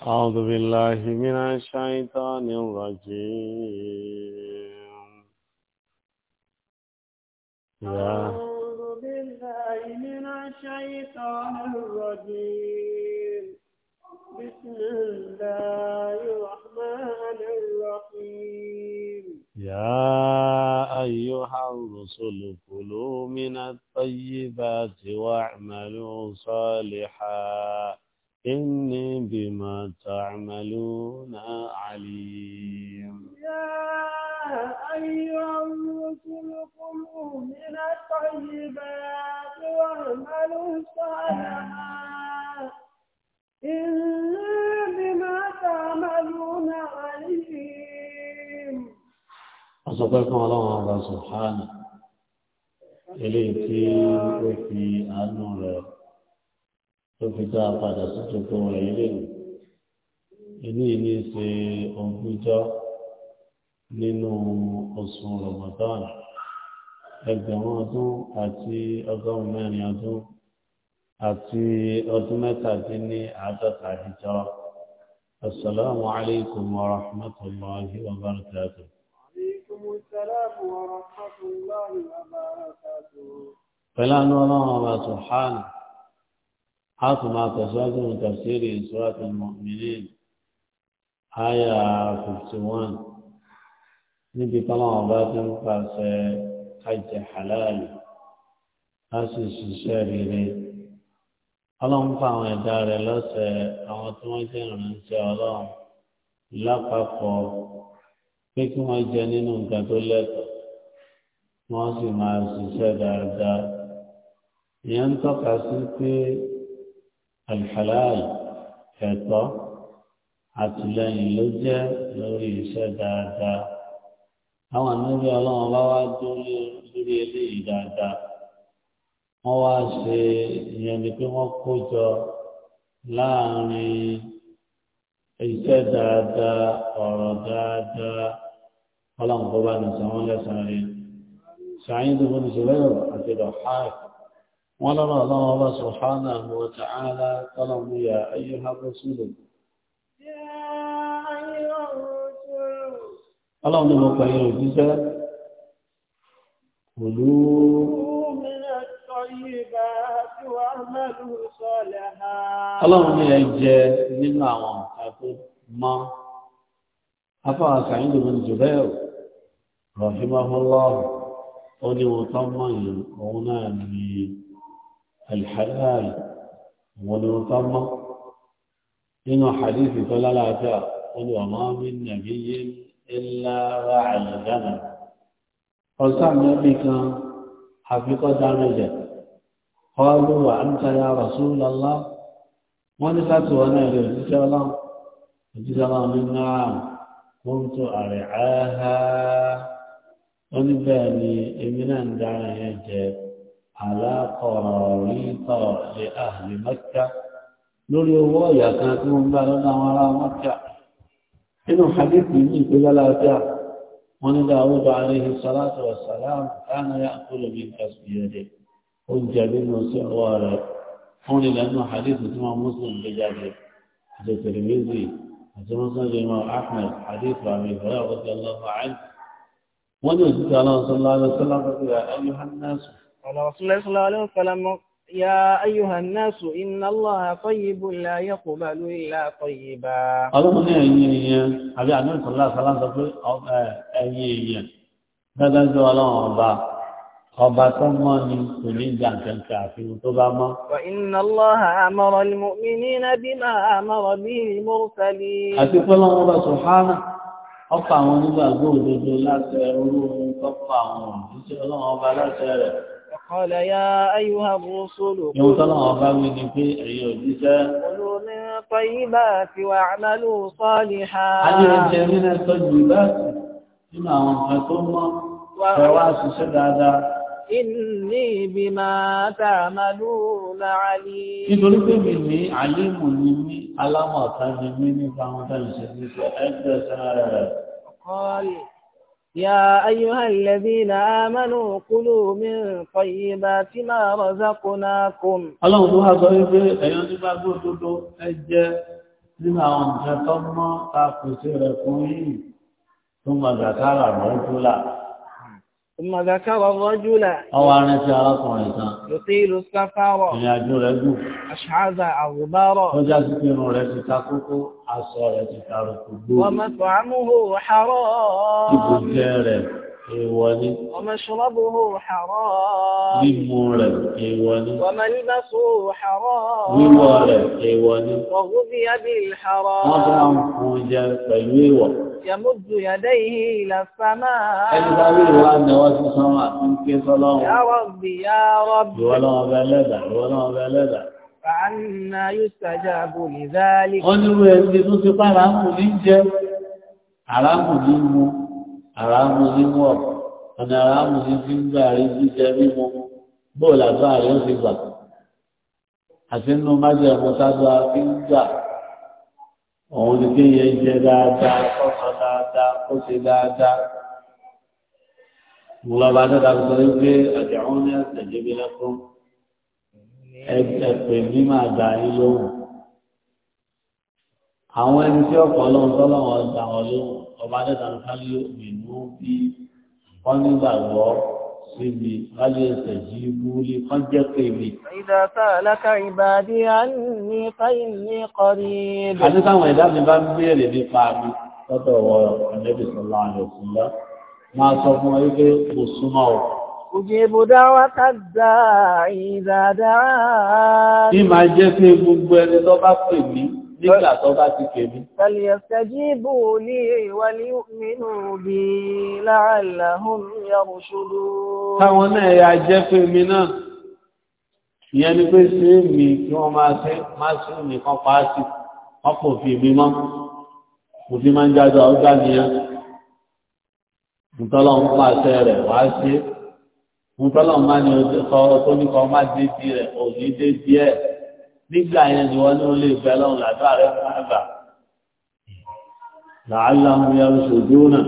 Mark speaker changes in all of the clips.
Speaker 1: أعوذ بالله من الشيطان الرجيم يا أعوذ
Speaker 2: بالله من الشيطان الرجيم بسم الله الرحمن الرحيم
Speaker 1: يا أيها الرسل كلوا من الطيبات واعملوا صالحاً إني بما تعملون عليم
Speaker 2: يا أيها الرسل كلوا من الطيبات واعملوا صالحا إني بما تعملون عليم
Speaker 1: أصدقكم الله سبحانه إليك وفي أنوره tó fi dá a padà sókè tó wọn èyí lè ní ilé ilé ṣe ogúnjọ́ nínú oṣù Ramadan ẹgbẹ̀rún ọdún àti ọgọ́rùn mẹ́rin ọdún àti ọdún mẹ́tàdínní àádọ́ta ìjọ asalaamu alaykum wa rahmatulahi wa barakatu. Pẹ̀lú àánú ọlọ́run ọba Sùhánù. حق ما تساقم تفسير سورة المؤمنين آية 51 نبي طلع باتم قاس حج حلال أسس شريري اللهم فاهم دار لس أو تمجن من شاء الله لقفوا فيكم الجنين كتلت ما سمع سيسا دار دار ينتقى سيكي الحلال ẹ̀tọ́ àtìlẹ́yìn ló jẹ́ lórí iṣẹ́ dáadáa àwọn ànábì Ọlọ́run bá wá dúró lórí eléyìí dáadáa wọ́n wá ṣe ìyẹn ni pé wọ́n kó jọ láàrin iṣẹ́ dáadáa ọ̀rọ̀ dáadáa Ọlọ́run kó bá nìṣẹ wọn lẹsàn án rí ṣàyìn tó fún ìṣẹ̀lẹ̀ àti ìdọ̀háì. wọ́n lọ́rọ̀ ọlọ́run ọba subhanahu wa ta'ala tọ́lọ̀mù ya ayyuha rasulu ọlọ́run ni mo pẹ̀lú òjíṣẹ́ pẹ̀lú
Speaker 2: ọlọ́run ni ẹ jẹ
Speaker 1: nínú àwọn àkókò mọ́ afọ́ àkàyìn lóbi jùlẹ́ọ̀ rahimahullah ó ní wọ́n tán mọ́ yìí òun الحلال ونوطمة إنه حديث فلا لا قل وما من نبي إلا وعلمنا فلسان نبيك حقيقة دامجة قالوا وأنت يا رسول الله ونفت وانا يرجى الله يرجى الله منا كنت أرعاها ونباني إمنا دعنا يجب على قراريط لأهل مكة لولي هو يكاتون بلنا وراء مكة إنه حديث من إلى لا تعب داود عليه الصلاة والسلام كان يأكل من كسب يده كنت جبين سعوارا هون لأنه حديث اسمه مسلم بجابه حديث الميزي حديث مسلم الإمام أحمد حديث أبي هريرة رضي الله عنه الله صلى الله عليه وسلم يا أيها الناس قال رسول الله صلى الله عليه
Speaker 2: وسلم يا أيها الناس إن الله طيب لا يقبل إلا طيبا الله من
Speaker 1: أيها أبي عبد الله صلى الله عليه وسلم أيها هذا هو الله ọba tó mọ́ ni kò ní ìjà kẹta àfihàn tó bá mọ́.
Speaker 2: wà iná lọ́ha àmọ́rọ̀ lè mọ̀mí ní nábí máa àmọ́rọ̀ bí i mọ́rùsálì. àti pẹ́lú àwọn ọba sọ̀hánà
Speaker 1: ọkọ̀ àwọn onígbàgbọ́ òdodo láti ẹrú tọ́pọ̀ àwọn òṣìṣẹ́ ọlọ́run ọba láti ẹrẹ̀.
Speaker 2: قال يا أيها الرسل كلوا من طيبات واعملوا صالحا من
Speaker 1: الطيبات بما أنفقتم فواسس دادا
Speaker 2: إني بما تعملون عليم
Speaker 1: nítorí pé mi ní àlímù ni mí alámọ̀ta ni mí nípa àwọn tàbí ṣe ní ṣe ẹgbẹ̀sára rẹ̀.
Speaker 2: ọ̀kọ́lẹ̀ يا أيها الذين آمنوا كلوا من طيبات ما رزقناكم الله دوها ضيبه أيها
Speaker 1: الباقو تدو أجا لما أنت تم تاكسير كوين ثم ذكر موتلا
Speaker 2: ثم ذكر الرجل
Speaker 1: أو أنا سأرى
Speaker 2: يطيل السفر إلى جرد أشعث أغبارا وجاسكين رجل
Speaker 1: تقوك أصار تتارك
Speaker 2: ومطعمه حرام èèwọ̀ ni. Ọmọ ṣọ́bù hàrọ́.
Speaker 1: Mímú rẹ̀ èèwọ̀ ni. Ọmọ
Speaker 2: líbàṣù hàrọ́. Wíwọ̀ rẹ̀ èèwọ̀ ni. Ọ̀gùn bí abí hàrọ́. Wọ́n bá ń fún
Speaker 1: jẹ pẹ̀lú èèwọ̀.
Speaker 2: Yàmúdù yàdá yìí ìlà sámà. Ẹni bá rí ìwà àdáwọ́ sí sánmà tí ń ké sọ́lọ́run. Yà Rabbi, yà Rabbi. Ìwọ lọ́wọ́ bẹ lẹ́dà, ìwọ lọ́wọ́ bẹ lẹ́dà. Fàánà yóò ṣàjàbò lè dáálé. Wọ́n ní
Speaker 1: àràmù ní wọ̀ ọ̀nà àràmù ní fi ń gbà rí jíjẹ mímu bóòlù àbá rẹ̀ ó ti gbà àti nínú májèmú sábà fi ń gbà òun ni kéye jẹ dáadáa kọ́sọ dáadáa kó ṣe dáadáa ńlọba dáadáa sọ wípé àjẹ̀wọ́n ní àtẹ̀jẹ́bí lẹ́kọ́
Speaker 2: ẹ̀pẹ̀ ní máa dà yín lóhùn àwọn ẹni tí ọ̀pọ̀ ọlọ́run tọ́lọ́wọ́
Speaker 1: dà wọ́n lóhùn ọba dẹ́dàá kálí òmìnú bí wọ́n nígbàgbọ́ síbi kálí ẹsẹ̀ yìí búrí wọ́n jẹ́ pèmí.
Speaker 2: ìdàkà alákà ìbàdí à ń ní fáyì ní kọrí. àti táwọn ẹ̀dá mi bá ń
Speaker 1: béèrè nípa mi lọ́dọ̀ wọ ẹ̀lẹ́bí sọ̀lá àlọ́ fúnlá máa sọ fún
Speaker 2: ọ dáwà tàdà ìdàdà. Bí jẹ́ pé
Speaker 1: gbogbo ẹni tó bá pè mí nígbà tó bá ti pè mí.
Speaker 2: Fàlìyàsẹ́jìbò ní ìwàlí nínú bí láàláhùn yàrù ṣúrú.
Speaker 1: Táwọn náà ya jẹ́ pé mi náà, ìyẹn ni pé sí mi kí wọ́n máa tẹ́ máa sí mi pàásì, wọ́n fi mi mọ́. Mo fi máa ń jájọ ọjọ́ nìyẹn. Mùtọ́lọ́ ń pàṣẹ rẹ̀ wá sí. Mùtọ́lọ́ máa ní ọjọ́ tó ní kan máa dé bí rẹ̀, òní dé bí ẹ̀ nígbà yẹn ni wọ́n ní ó lè bẹ́ lọ́wọ́ làdúrà rẹ̀ fúnàgbà làálà ń yá oṣù dúnà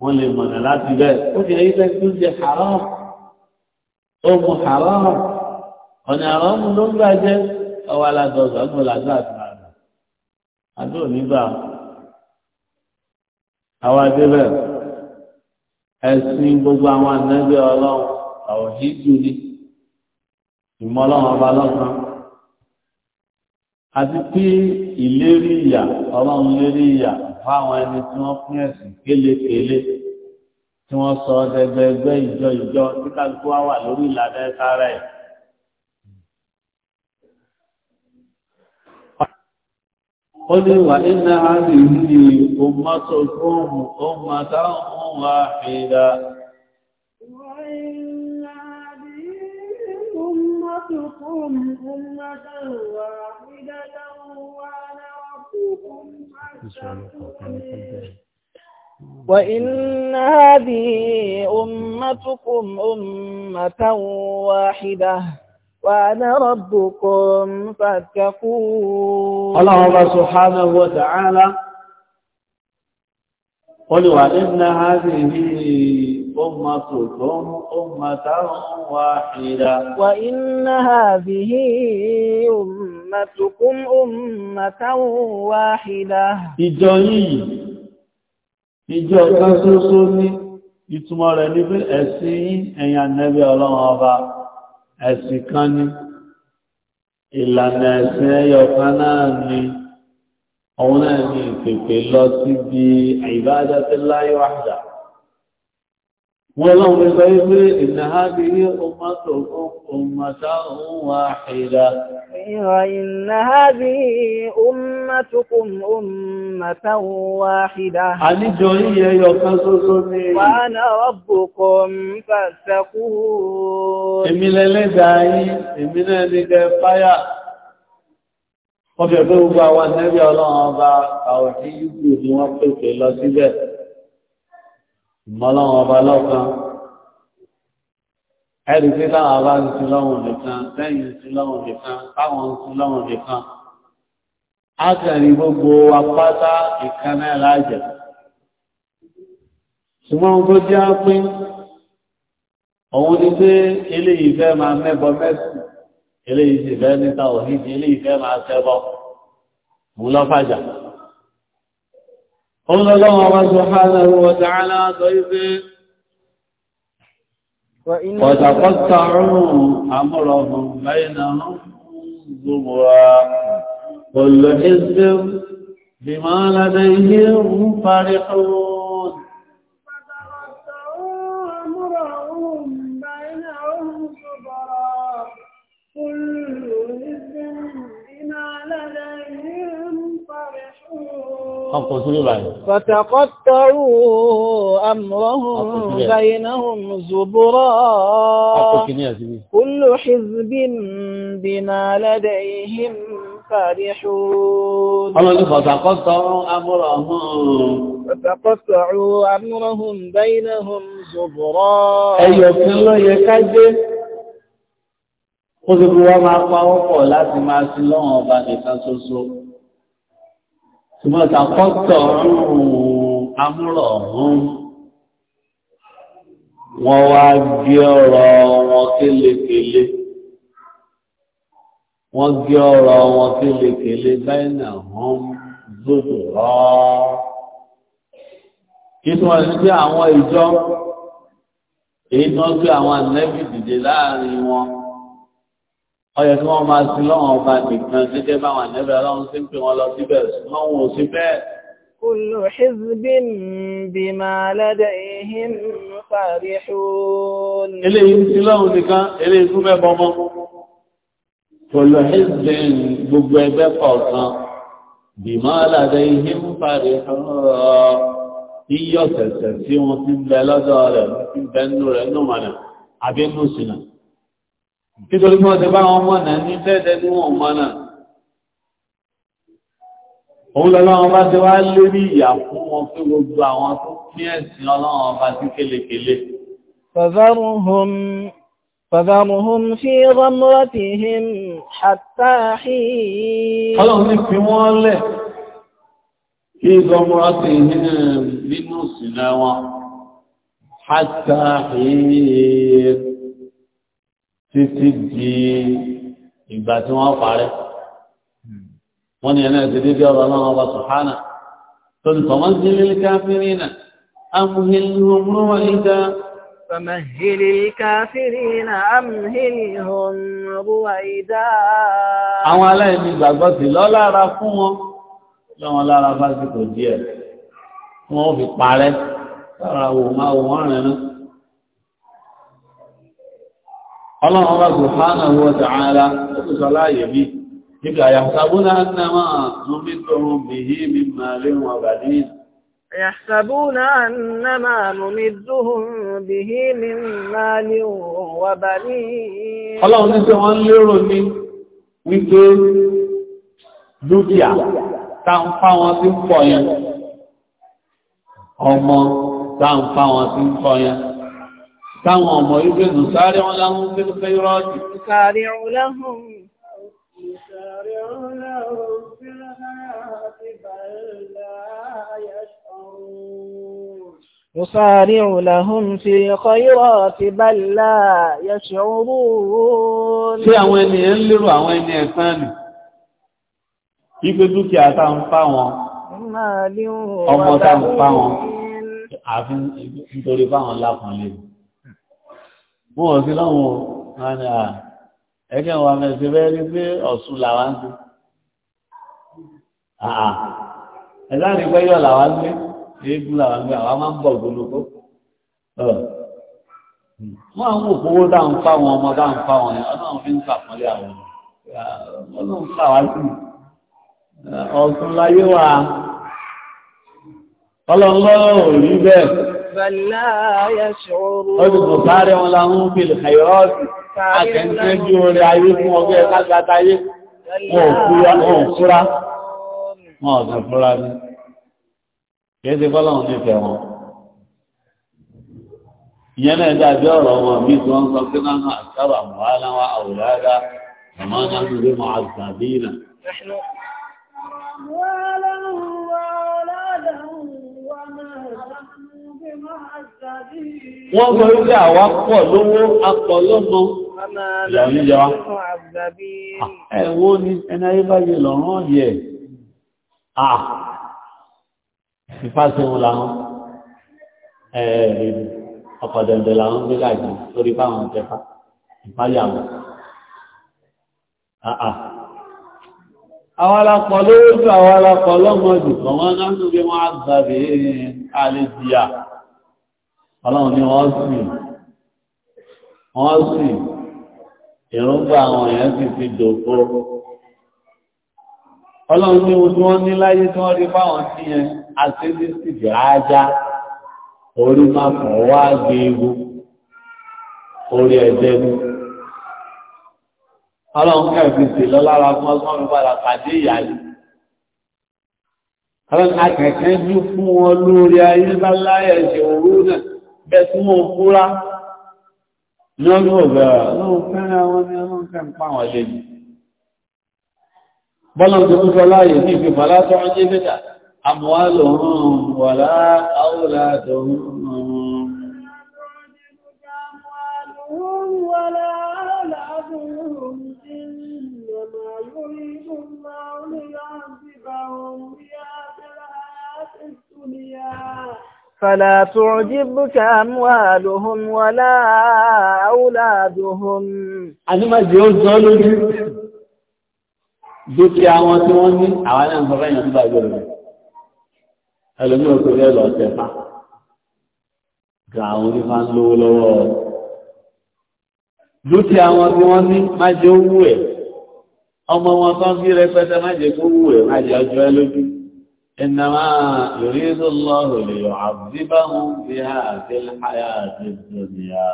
Speaker 1: wọ́n lè mọ̀nà láti bẹ́ẹ̀ ó fi ẹyí fẹ́ kí ó jẹ haram ó mu haram ọ̀nà àrọ́ mu ló ń gbà jẹ́ ọwọ́ aládọ́sọ̀ ọgbọ̀n làdúrà fúnàgbà àdúrà nígbà àwọn adébẹ̀ ẹ̀sìn gbogbo àwọn ànábì ọlọ́run àwọn yìí dùn ní ọba lọ́sàn-án àti pé ìlérí ìyà ọlọ́run lérí ìyà fáwọn ẹni tí wọ́n pín ẹ̀sìn kélékèlé tí wọ́n sọ ọdẹgbẹgbẹ ìjọ ìjọ tí kálukú wá wà lórí ìlànà ẹ̀ka rẹ̀. ó ní wà nínú àárín ìlú ọmọ tó fún ọmọ táwọn wà fìdá.
Speaker 2: ربكم أمة واحدة وأنا
Speaker 1: ربكم
Speaker 2: وإن هذه أمتكم أمة واحدة وأنا ربكم فاتقون الله سبحانه وتعالى
Speaker 1: قل وإن هذه أمتكم أمة واحدة وإن
Speaker 2: هذه أمتكم أمة واحدة
Speaker 1: ìjọ yìí ìjọ kan ṣoṣo ni ìtumọ̀ rẹ̀ ní pé ẹ̀sìn yín ẹ̀yin ànábì ọlọ́run ọba ẹ̀sìn kan ni ìlànà ẹ̀sìn ẹyọ kan náà ni òun náà ní ìpèpè lọ síbi ìbádàtí láyé wàhádà wọ́n lọ́wọ́ ní sọ wípé ìnáhábí ní ọmọ́tò ọmọta ohun àhìdá.
Speaker 2: Ìrọ̀ ìnáhábí ọmọ́tòkùn ọmọta ohun àhìdá. Àníjọ yíyẹ yọkan ṣoṣo ní. Wàhánà ọ̀bùkùn fàṣẹkú.
Speaker 1: Èmi lẹ́lẹ́dàá yín, èmi náà ní kẹ ìmọ̀lọ́wọ́n ọba lọ́kan ẹ̀rí pé láwọn ọba ń sin lọ́wọ́n nìkan lẹ́yìn ń sin lọ́wọ́n nìkan táwọn ń sin lọ́wọ́n nìkan á kẹrin gbogbo apáta ìkan náà lájẹ̀ ṣùgbọ́n ohun tó jẹ́ pín òun ni pé eléyìí fẹ́ máa mẹ́bọ mẹ́sìn eléyìí sì níta òhìdí eléyìí fẹ́ máa ṣẹbọ òun lọ́fàjà. قال الله سبحانه وتعالى طيب وتقطعوا أمرهم بينهم زبرا كل حزب بما لديهم فرحون
Speaker 2: ọkọ̀ sílé báyìí. Fàtàkọ́tàrù àmọ́hùn
Speaker 1: báyìnáhùn
Speaker 2: zùbúrọ̀. Ọkọ̀ kìíní àti bí. Kúlù ṣìzbín bí náà lẹ́dẹ̀ ihim fàríṣù. Ọlọ́dún
Speaker 1: fàtàkọ́tàrù àmọ́hùn.
Speaker 2: Fàtàkọ́tàrù àmọ́hùn báyìnáhùn zùbúrọ̀. Ẹyọ̀ kan ló yẹ ká gbé.
Speaker 1: Ó ti fi wá máa pa ọkọ̀ láti máa sin lọ́wọ́ ọba nìkan ṣoṣo ṣùgbọ́n tàkọ́tọ̀ ọ̀rùn amúrọ̀ ọ̀hún wọ́n wá gbé ọ̀rọ̀ wọn kélekèlé wọ́n gbé ọ̀rọ̀ wọn kélekèlé báyìí àwọn zòdò rọ́ kí tí wọ́n ti àwọn ìjọ èyí tí wọ́n gbé àwọn ànẹ́bì dìde láàrin wọn ọyọ tí wọ́n máa sin lọ́wọ́ ọba nìkan gẹ́gẹ́ báwọn ànẹ́bẹ̀ ọlọ́run sí ń pè wọ́n lọ síbẹ̀ ṣùgbọ́n wọn ò sí bẹ́ẹ̀.
Speaker 2: kullu hizbin bima ladayhim farihun. eléyìí sí lọ́run nìkan
Speaker 1: eléyìí tún bẹ́ẹ̀ bọ́mọ́. kullu hizbin gbogbo ẹgbẹ́ kọ̀ọ̀kan bima ladayhim farihun. iyọ̀ tẹ̀tẹ̀ tí wọ́n ti ń bẹ lọ́dọ̀ rẹ̀ ń bẹ nínú rẹ̀ nínú mọ̀nà nítorí wọ́n ti bá wọn mọ̀nà ní tẹ́ẹ̀tẹ́ tí wọ́n mọ̀nà
Speaker 2: òun lọ́lọ́wọ́n bá ti wá lórí
Speaker 1: ìyà fún wọn fún gbogbo àwọn tó ní ẹ̀sìn ọlọ́wọ́n bá ti kélekèlé
Speaker 2: فذرهم في غمرتهم حتى حين ọlọ́run ní fi
Speaker 1: wọ́n lẹ̀ kí غمرتهم حتى حين títí di ìgbà tí wọ́n parẹ́ wọ́n ní ẹ̀nà ìdílé bí ọ̀rọ̀ náà wà sùhánà tó ní tọ́mọ́ sí lílé káfírí náà amúhìlìhùn rúwà فمهل
Speaker 2: الكافرين أمهلهم رويدا àwọn aláìní
Speaker 1: gbàgbọ́ sí لا lára fún wọn lọ́wọ́n lára fásitì díẹ̀ wọ́n fi parẹ́ lára wò máa wò wọ́n rẹ̀ ọlọ́run ọba subhanahu wa ta'ala ó tún sọ láàyè mí níbi àyàṣàbúnà annama numiduhum bihi min malin wa banin
Speaker 2: يحسبون أنما نمدهم به من مال وبنين Ọlọ́run ní tí wọ́n ń lérò
Speaker 1: ní wípé dúkìá táǹfà wọn ti ń pọ̀ yẹn, ọmọ táǹfà wọn ti ń pọ̀ yẹn, táwọn ọmọ ìgbé nù sáré wọn láwọn ń fẹ́ fẹ́ rọ́ọ̀dì. Sáré
Speaker 2: ọlọ́hun. Nùsàárì ọ̀làhùn fi kọ́yọ́ ti bàlá yẹ̀ṣọ́rú. Ṣé àwọn ènìyàn ń lérò àwọn
Speaker 1: ẹni ẹ̀sán nì? Ipe dúkìá ta ń fá wọn.
Speaker 2: Ọmọ ta ń fá wọn.
Speaker 1: Àfi nítorí fáwọn lápọ̀n lè mú wọn sí lọ́wọ́ wọn ni à ẹgbẹ́ wa mẹ́sì bẹ́ẹ̀ rí pé ọ̀sùn làwa ń gbé àà ẹ̀dá ni pé yọ̀ làwa ń gbé eégún làwa ń gbé àwa máa ń bọ̀ gbólógbó wọ́n àwọn òkúwó dá ń fá wọn ọmọ dá ń fá wọn ọlọ́run fi ń sàpọ́lé àwọn ọlọ́run fà wá sí ọ̀sùn láyé wa ọlọ́run lọ́rọ̀ bàlá
Speaker 2: yẹ̀ṣọ́rọ̀. Ó ti mọ̀ sáré wọn láwọn bìlì kàyọ́ọ̀sì, àtẹ̀ntẹ́jú orí ayé fún ọgbẹ́
Speaker 1: lágbàtà ayé, wọn ò fúra, wọn ò sì fúra ní. Kìí ti fọ́lọ́run nífẹ̀ẹ́ wọn. Ìyẹn náà dàbí ọ̀rọ̀ wọn bí tí wọ́n sọ pé náà àṣàrò mọ́ Wọ́n gbọ́ wípé àwa pọ̀ lówó apọ̀ lọ́mọ ìyàwó ẹ̀wọ́ ni ẹni ayé bá yẹ lọ́rán yẹ. Ah! Ìfásẹ̀wọ̀n làwọn ẹ̀ẹ̀rẹ̀ ọkọ̀ dẹ̀ndẹ̀ làwọn gbé láìsí torí fáwọn tẹfà ìfáyàwó. Àà! Àwọn alápọ̀ lówó ju àwọn alápọ̀ lọ́mọ jù, kọ̀ wọ́n náà ọlọ́run ní wọ́n sì wọ́n sì èròǹgbà àwọn èèyàn sì ti dòkó ọlọ́run ní ohun tí wọ́n ní láyé tí wọ́n rí fáwọn sí yẹn àtẹ́lẹ́sì ráájá orí máa kàn wá gbé ewu orí ẹ̀jẹ̀ ni ọlọ́run kẹ́ẹ̀fì sí lọ́lára fún ọgbọ́n mi padà pàdé ìyá yìí ọlọ́run akẹ̀kẹ́ jú fún wọn lórí ayé bá ṣe òru náà ẹ̀sùn mọ́ òkúra lọ́rọ̀ ọ̀gbẹ̀rẹ̀ lọ́rọ̀ fẹ́rẹ̀ àwọn ní ọlọ́run fẹ́ ń pàwọn lè jù bọ́lọ̀ tó ń sọ láàyè
Speaker 2: فلا تعجبك أموالهم ولا أولادهم
Speaker 1: أنا ما جيوز دولو dúkìá wọn tí wọ́n ní àwọn náà ń sọ tó bàjẹ́ rẹ̀ ẹlòmí òkú rẹ̀ lọ tẹ̀fà gà àwọn onífà ń lówó lọ́wọ́ dúkìá wọn tí wọ́n ní má jẹ́ owó ẹ̀ ọmọ wọn kan fi rẹpẹtẹ má jẹ́ kó wù ẹ̀ má jẹ́ ọjọ́ ẹ lójú إنما يريد الله ليعذبهم بها في الحياة الدنيا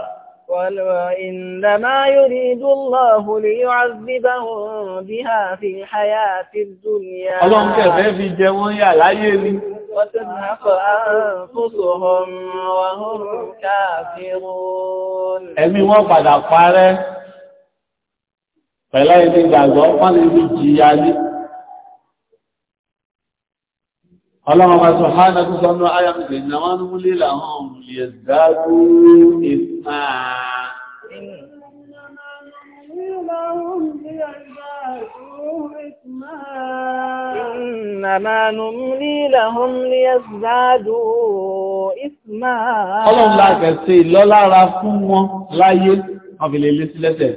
Speaker 2: وإنما يريد الله ليعذبهم بها في الحياة الدنيا اللهم كيف في
Speaker 1: جوان يا العيني
Speaker 2: وتزهق أنفسهم وهم كافرون
Speaker 1: أمي وفد أفاره فلا يجب أن يكون ọlọ́mọba tó há náà tó sọ́nà ayàmìsẹ̀ ìnáwó múlé làwọn òmùlẹ̀ dáadó ìfà
Speaker 2: Ìnàmà nùmí làhùn lè zádò ìsmà. Ọlọ́run láàkẹ́
Speaker 1: sí lọ́lára fún wọn láyé, wọ́n fi lè lé sí lẹ́sẹ̀.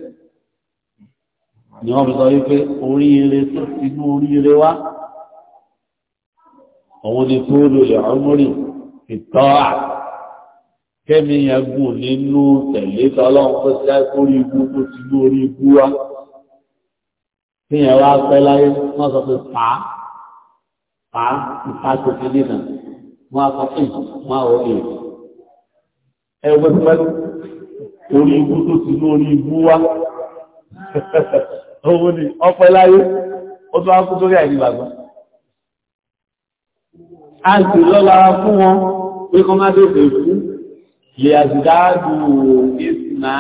Speaker 1: Ni wọ́n fi sọ wípé oríire tó ti mú oríire wá òun ni tó lò lè ọmọrì ìtọ́ à kẹ́mi yẹn gùn nínú tẹ̀lé tọ́lọ́run tó ṣe àkórí ibú tó ti lórí ibú wa tíyẹn wá pẹ́ láyé wọ́n sọ pé pa pa ìpa tó ti dínà wọ́n á sọ pé orí ibú tó ti ni ọpẹ́ láyé ó tún á kú sórí àìní gbàgbọ́ a sì lọ́la fún wọn pé kọ́ má bèbè fún lè àzìdáàdù ìsìnà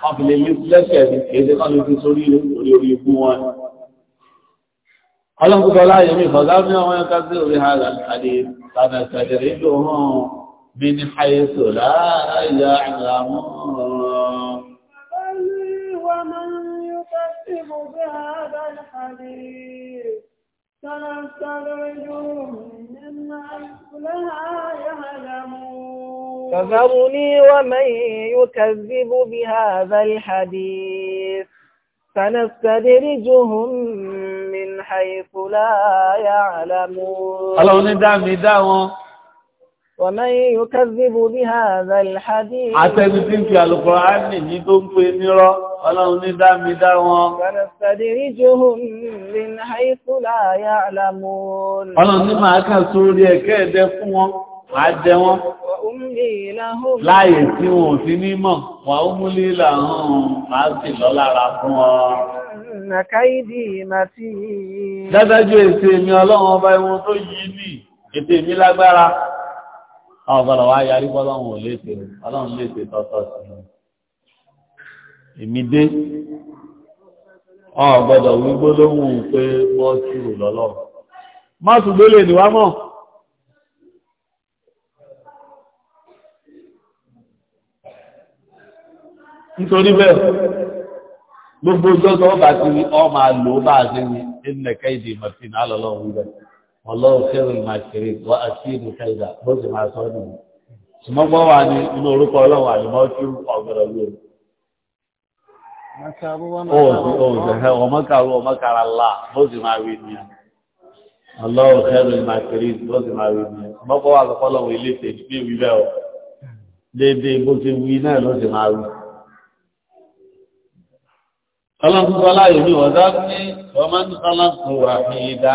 Speaker 1: wọn fi lè ní lẹ́sẹ̀ ní kéde kan lè fi sórí orí orí ikú wọn. ọlọ́nkú sọ láàyè mi fọ̀dá ní ọmọ yẹn ká sí orí ara
Speaker 2: فذرني ومن يكذب بهذا الحديث سنستدرجهم من حيث لا يعلمون الله ندعم
Speaker 1: ندعم
Speaker 2: ومن يكذب بهذا الحديث عتبتين في القرآن
Speaker 1: نجدهم في نرى Ọlọ́run ní dámi dá wọn. Ọlọ́run ní máa kà sórí ẹ̀kẹ́ ẹ̀dẹ fún wọn, máa jẹ wọn.
Speaker 2: Láyé tí wọn
Speaker 1: ò sí ní mọ̀, wà ó mú lílà hàn máa sì lọ́lára fún
Speaker 2: wọn. Dádájú èsì mi
Speaker 1: ọlọ́run ọba ìwọ̀n tó yìí ní ètè mi lágbára. Ọ̀gbọ̀lọ̀ wá yarí bọ́lọ́run ò léṣe, ọlọ́run léṣe tọ́tọ́ sí i èmi dé ọ gbọ́dọ̀ wí gbólóhùn pé wọ́n tí ò lọ́lọ́ má tún gbélé ni wá mọ̀ nítorí bẹ́ẹ̀
Speaker 2: gbogbo gbọ́dọ̀ ọba ti rí
Speaker 1: ọ máa lò ó bá a ṣe ní ẹnìkẹ́ ìdè martin alọ́lọ́run wíwẹ̀ ọlọ́run kẹrin máa kéré wọ́n àti ìlú kẹjà bó sì máa sọ ọ́ nìyí ṣùgbọ́n wà ní inú orúkọ ọlọ́run àlùmọ́ tí ọ̀gbọ̀dọ̀ lóore ọmọkàrú ọmọkàrá ńlá bó sì máa rí ni ọlọ́run kẹrù ìmàkiri bó sì máa rí ni ọmọkọ wà lọ́pọ̀ lọ́wọ́ ilé ìfẹ́ ní ìwí bẹ́ẹ̀ o déédéé bó ti wí tó láyé ní ọ̀dá ní ọmọ ní ọlọ́run tó wà ní ìdá.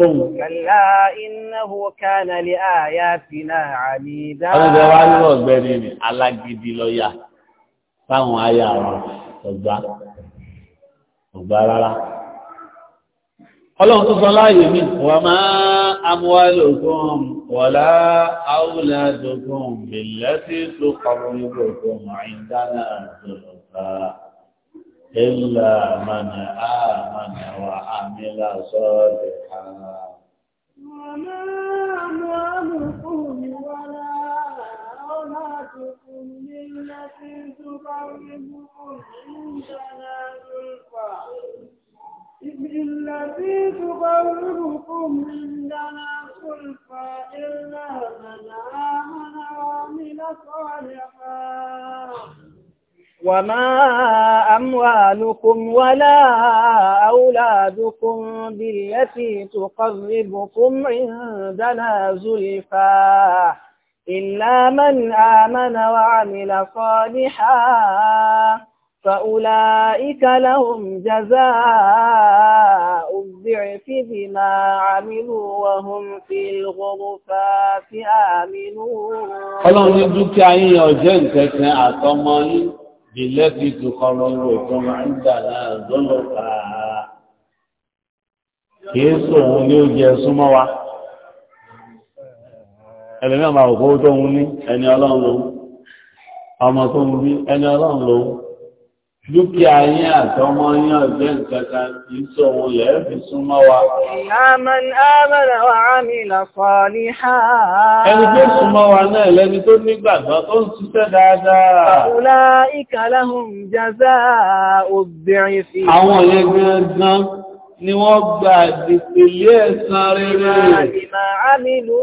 Speaker 1: fóun.
Speaker 2: Kàlá innahu kana li ayatina àmìdá. Ọlọ́dẹ wa ní ọ̀gbẹ́ni
Speaker 1: ni alágídí lọ́yà fáwọn aya àwọn ọ̀gbá ọ̀gbá rárá. Ọlọ́run tó sọ láàyè mi, wà máa amúwálòkún wọ̀lá áwùládòkún bèlẹ́tì tó kọ̀ọ̀rọ̀ ìgbòkún àìdánà àjọ̀lọ̀ta. إلا من آمن وعمل صالحا
Speaker 2: وما أموالكم ولا أولادكم بالتي تقربكم عندنا زلفى التي تقربكم عندنا زلفى إلا من آمن وعمل صالحا وما أموالكم ولا أولادكم بالتي تقربكم عندنا زلفا إلا من آمن وعمل صالحا فأولئك لهم جزاء الضعف بما عملوا وهم في الغرفات آمنون. Ọlọ́run ní dúkìá yín
Speaker 1: ọ̀jẹ́ بالتي تقرركم عندنا زلفى kìí sòun ní ó jẹ súnmọ́ wa ẹlẹ́mẹ́ àmà òkú tó ní ẹni ọlọ́run lòun dúkìá yín àtọmọ yín ọ̀gbẹ́ nǹkankan kì í sọ òun lẹ́ fi súnmọ́ wa.
Speaker 2: Àmàn àmàrà wa àmìlà fọ́lì ha. Ẹni tó súnmọ́
Speaker 1: wa náà lẹni tó nígbàgbọ́ tó ń ṣiṣẹ́ dáadáa. Àwọn yẹn gangan ni wọ́n gba ìpìlẹ̀ ẹ̀san rere. Àmìlú.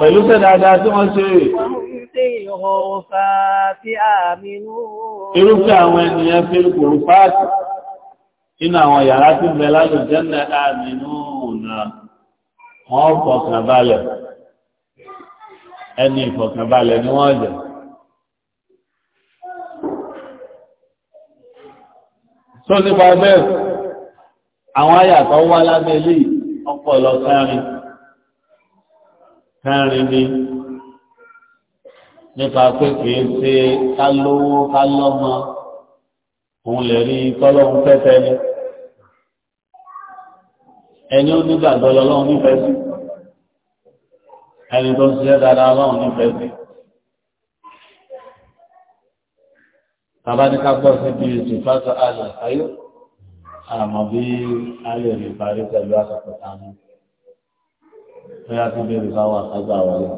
Speaker 1: Pẹ̀lú ṣẹ́ tí wọ́n ṣe.
Speaker 2: الغرفات آمنون
Speaker 1: irúfẹ́ àwọn ènìyàn fi ń kòrò fáàtì nínú àwọn yàrá tí ń bẹ lálò jẹ́nà àmìnúùnà wọ́n fọkànbalẹ̀ ẹni ìfọkànbalẹ̀ ni wọ́n jẹ́ tó nípa bẹ́ẹ̀ àwọn àyàtọ̀ wá lábẹ́ ilé ọpọlọ kẹrin kẹrin ni nípa pé kìí ṣe ká lówó ká lọ́mọ òun lè rí tọ́lọ́hún fẹ́fẹ́ ni ẹni ó nígbàgbọ́ lọ́lọ́hún nífẹ̀ẹ́ sí ẹni tó ń ṣiṣẹ́ dáadáa lọ́hún nífẹ̀ẹ́ sí. bàbá ní ká gbọ́ sí bí èsì fásitì àlà ayé àmọ́ bí a lè rí parí pẹ̀lú àsopọ̀ sáà bóyá tí bèrè bá wà ká gbà wọlé.